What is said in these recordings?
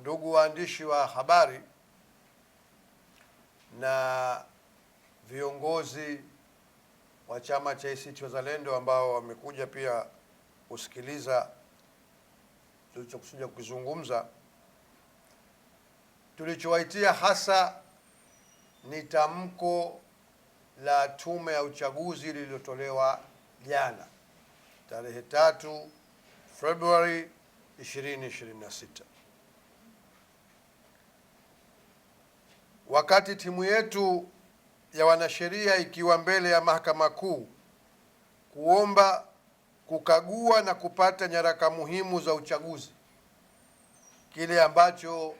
Ndugu waandishi wa habari na viongozi wa chama cha ACT Wazalendo ambao wamekuja pia kusikiliza tulichokusudia kukizungumza, tulichowaitia hasa ni tamko la Tume ya Uchaguzi lililotolewa jana tarehe tatu Februari 2026. Wakati timu yetu ya wanasheria ikiwa mbele ya Mahakama Kuu kuomba kukagua na kupata nyaraka muhimu za uchaguzi, kile ambacho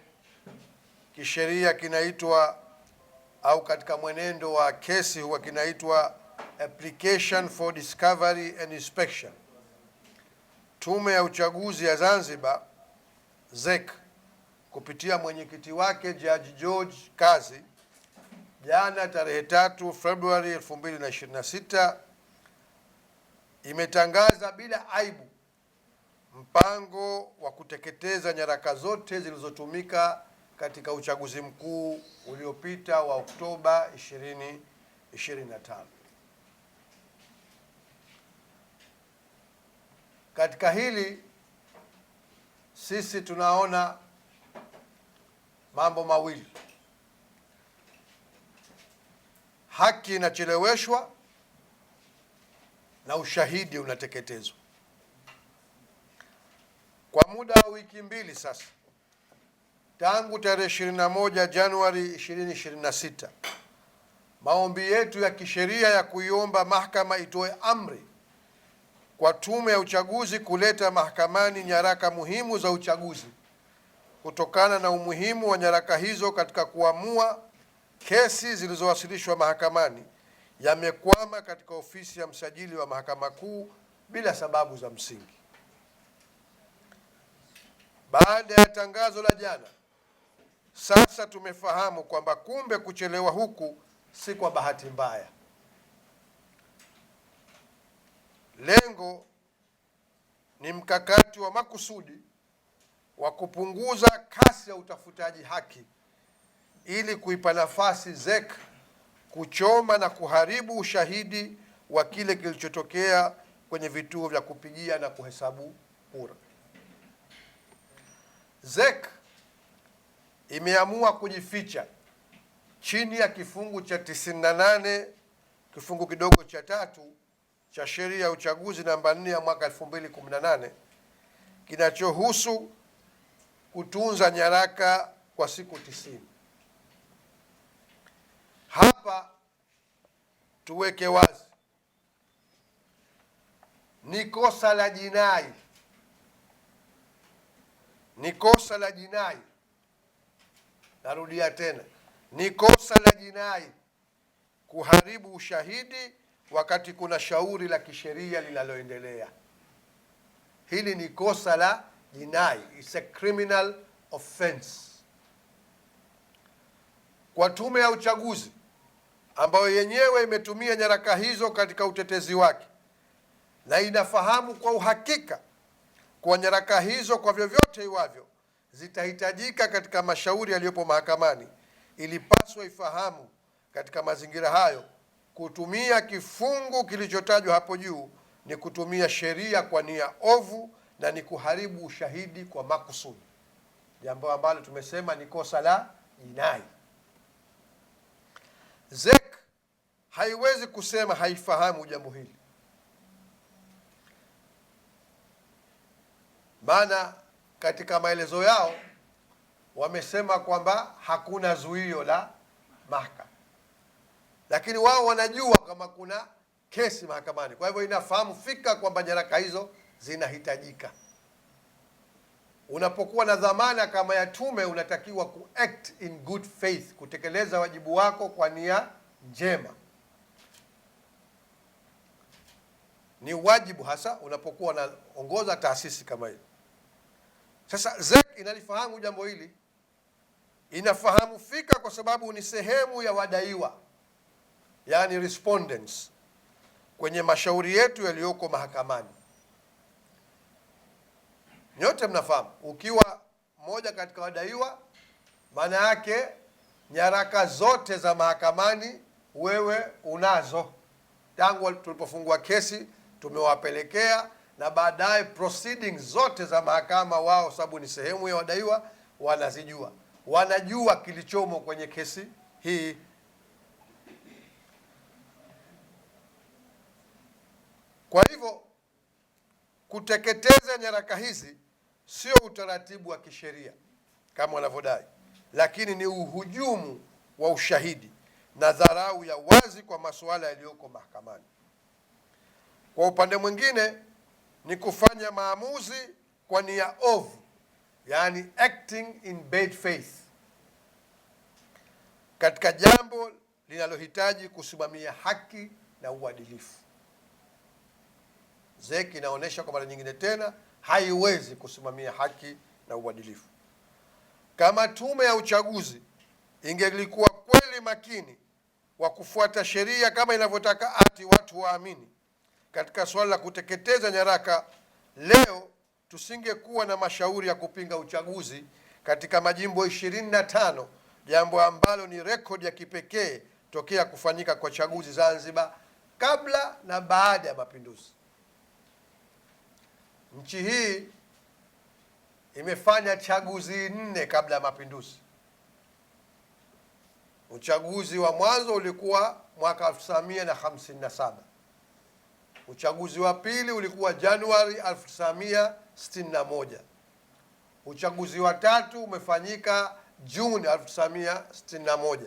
kisheria kinaitwa au katika mwenendo wa kesi huwa kinaitwa application for discovery and inspection. Tume ya Uchaguzi ya Zanzibar ZEC kupitia mwenyekiti wake Jaji George Kazi jana tarehe 3 Februari 2026 imetangaza bila aibu mpango wa kuteketeza nyaraka zote zilizotumika katika uchaguzi mkuu uliopita wa Oktoba 2025. Katika hili sisi tunaona mambo mawili: haki inacheleweshwa na ushahidi unateketezwa. Kwa muda wa wiki mbili sasa, tangu tarehe 21 Januari 2026 maombi yetu ya kisheria ya kuiomba mahakama itoe amri kwa tume ya uchaguzi kuleta mahakamani nyaraka muhimu za uchaguzi kutokana na umuhimu wa nyaraka hizo katika kuamua kesi zilizowasilishwa mahakamani, yamekwama katika ofisi ya msajili wa mahakama kuu bila sababu za msingi. Baada ya tangazo la jana, sasa tumefahamu kwamba kumbe kuchelewa huku si kwa bahati mbaya. Lengo ni mkakati wa makusudi wa kupunguza kasi ya utafutaji haki ili kuipa nafasi ZEC kuchoma na kuharibu ushahidi wa kile kilichotokea kwenye vituo vya kupigia na kuhesabu kura. ZEC imeamua kujificha chini ya kifungu cha 98 kifungu kidogo cha tatu cha sheria ya uchaguzi namba 4 ya mwaka 2018 kinachohusu kutunza nyaraka kwa siku tisini. Hapa tuweke wazi, ni kosa la jinai, ni kosa la jinai. Narudia tena, ni kosa la jinai kuharibu ushahidi wakati kuna shauri la kisheria linaloendelea. Hili ni kosa la deny. it's a criminal offense. Kwa tume ya uchaguzi ambayo yenyewe imetumia nyaraka hizo katika utetezi wake na inafahamu kwa uhakika kuwa nyaraka hizo kwa vyovyote iwavyo zitahitajika katika mashauri yaliyopo mahakamani, ilipaswa ifahamu katika mazingira hayo kutumia kifungu kilichotajwa hapo juu ni kutumia sheria kwa nia ovu na ni kuharibu ushahidi kwa makusudi, jambo ambalo tumesema ni kosa la jinai. ZEC haiwezi kusema haifahamu jambo hili, maana katika maelezo yao wamesema kwamba hakuna zuio la mahakama, lakini wao wanajua kama kuna kesi mahakamani. Kwa hivyo inafahamu fika kwamba nyaraka hizo zinahitajika. Unapokuwa na dhamana kama ya tume, unatakiwa ku act in good faith, kutekeleza wajibu wako kwa nia njema. Ni wajibu hasa unapokuwa unaongoza taasisi kama hii. Sasa ZEC inalifahamu jambo hili, inafahamu fika, kwa sababu ni sehemu ya wadaiwa, yani respondents kwenye mashauri yetu yaliyoko mahakamani nyote mnafahamu, ukiwa mmoja katika wadaiwa, maana yake nyaraka zote za mahakamani wewe unazo. Tangu tulipofungua kesi tumewapelekea, na baadaye proceeding zote za mahakama wao, sababu ni sehemu ya wadaiwa, wanazijua, wanajua kilichomo kwenye kesi hii. Kwa hivyo kuteketeza nyaraka hizi sio utaratibu wa kisheria kama wanavyodai, lakini ni uhujumu wa ushahidi na dharau ya wazi kwa masuala yaliyoko mahakamani. Kwa upande mwingine, ni kufanya maamuzi kwa nia ovu, yani acting in bad faith, katika jambo linalohitaji kusimamia haki na uadilifu. ZEC inaonyesha kwa mara nyingine tena haiwezi kusimamia haki na uadilifu. Kama tume ya uchaguzi ingelikuwa kweli makini wa kufuata sheria kama inavyotaka ati watu waamini katika suala la kuteketeza nyaraka, leo tusingekuwa na mashauri ya kupinga uchaguzi katika majimbo 25, jambo ambalo ni rekodi ya kipekee tokea kufanyika kwa chaguzi Zanzibar kabla na baada ya mapinduzi. Nchi hii imefanya chaguzi nne kabla ya mapinduzi. Uchaguzi wa mwanzo ulikuwa mwaka 1957. Uchaguzi wa pili ulikuwa Januari 1961. Uchaguzi wa tatu umefanyika Juni 1961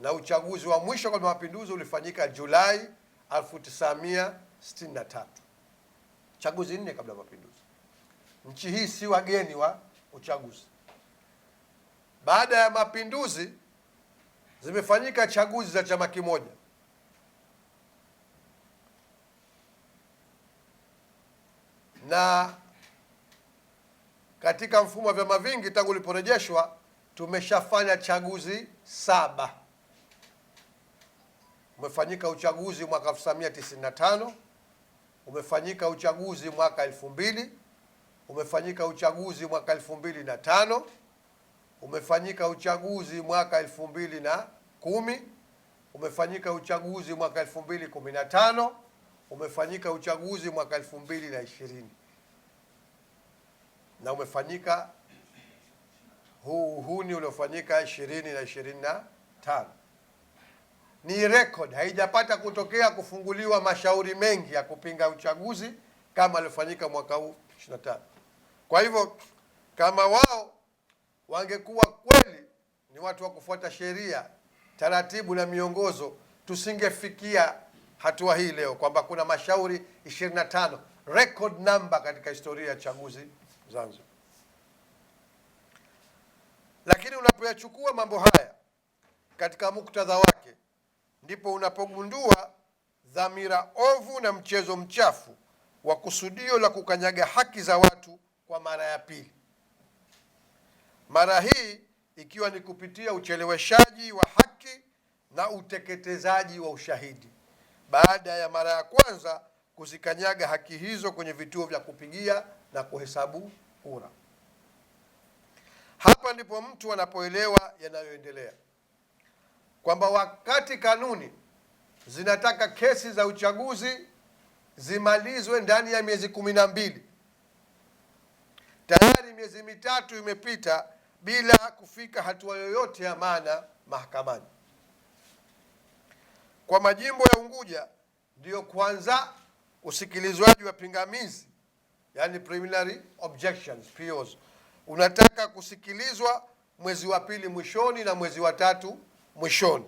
na uchaguzi wa mwisho kwa mapinduzi ulifanyika Julai 1963 chaguzi nne kabla ya mapinduzi. Nchi hii si wageni wa uchaguzi. Baada ya mapinduzi zimefanyika chaguzi za chama kimoja. Na katika mfumo wa vyama vingi tangu uliporejeshwa tumeshafanya chaguzi saba. Umefanyika uchaguzi mwaka umefanyika uchaguzi mwaka elfu mbili umefanyika uchaguzi mwaka elfu mbili na tano umefanyika uchaguzi mwaka elfu mbili na kumi umefanyika uchaguzi mwaka elfu mbili kumi na tano umefanyika uchaguzi mwaka elfu mbili na ishirini na umefanyika huu uhuni uliofanyika ishirini na ishirini na tano ni record, haijapata kutokea kufunguliwa mashauri mengi ya kupinga uchaguzi kama alifanyika mwaka huu 25. Kwa hivyo kama wao wangekuwa kweli ni watu wa kufuata sheria, taratibu na miongozo, tusingefikia hatua hii leo kwamba kuna mashauri 25, record number katika historia ya chaguzi Zanzibar. Lakini unapoyachukua mambo haya katika muktadha wake ndipo unapogundua dhamira ovu na mchezo mchafu wa kusudio la kukanyaga haki za watu kwa mara ya pili, mara hii ikiwa ni kupitia ucheleweshaji wa haki na uteketezaji wa ushahidi baada ya mara ya kwanza kuzikanyaga haki hizo kwenye vituo vya kupigia na kuhesabu kura. Hapa ndipo mtu anapoelewa yanayoendelea kwamba wakati kanuni zinataka kesi za uchaguzi zimalizwe ndani ya miezi kumi na mbili, tayari miezi mitatu imepita bila kufika hatua yoyote ya maana mahakamani. Kwa majimbo ya Unguja ndiyo kwanza usikilizwaji wa pingamizi, yani preliminary objections POs, unataka kusikilizwa mwezi wa pili mwishoni na mwezi wa tatu mwishoni,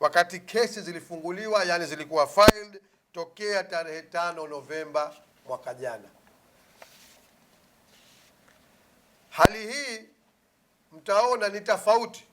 wakati kesi zilifunguliwa, yani zilikuwa filed tokea tarehe tano Novemba mwaka jana. Hali hii mtaona ni tofauti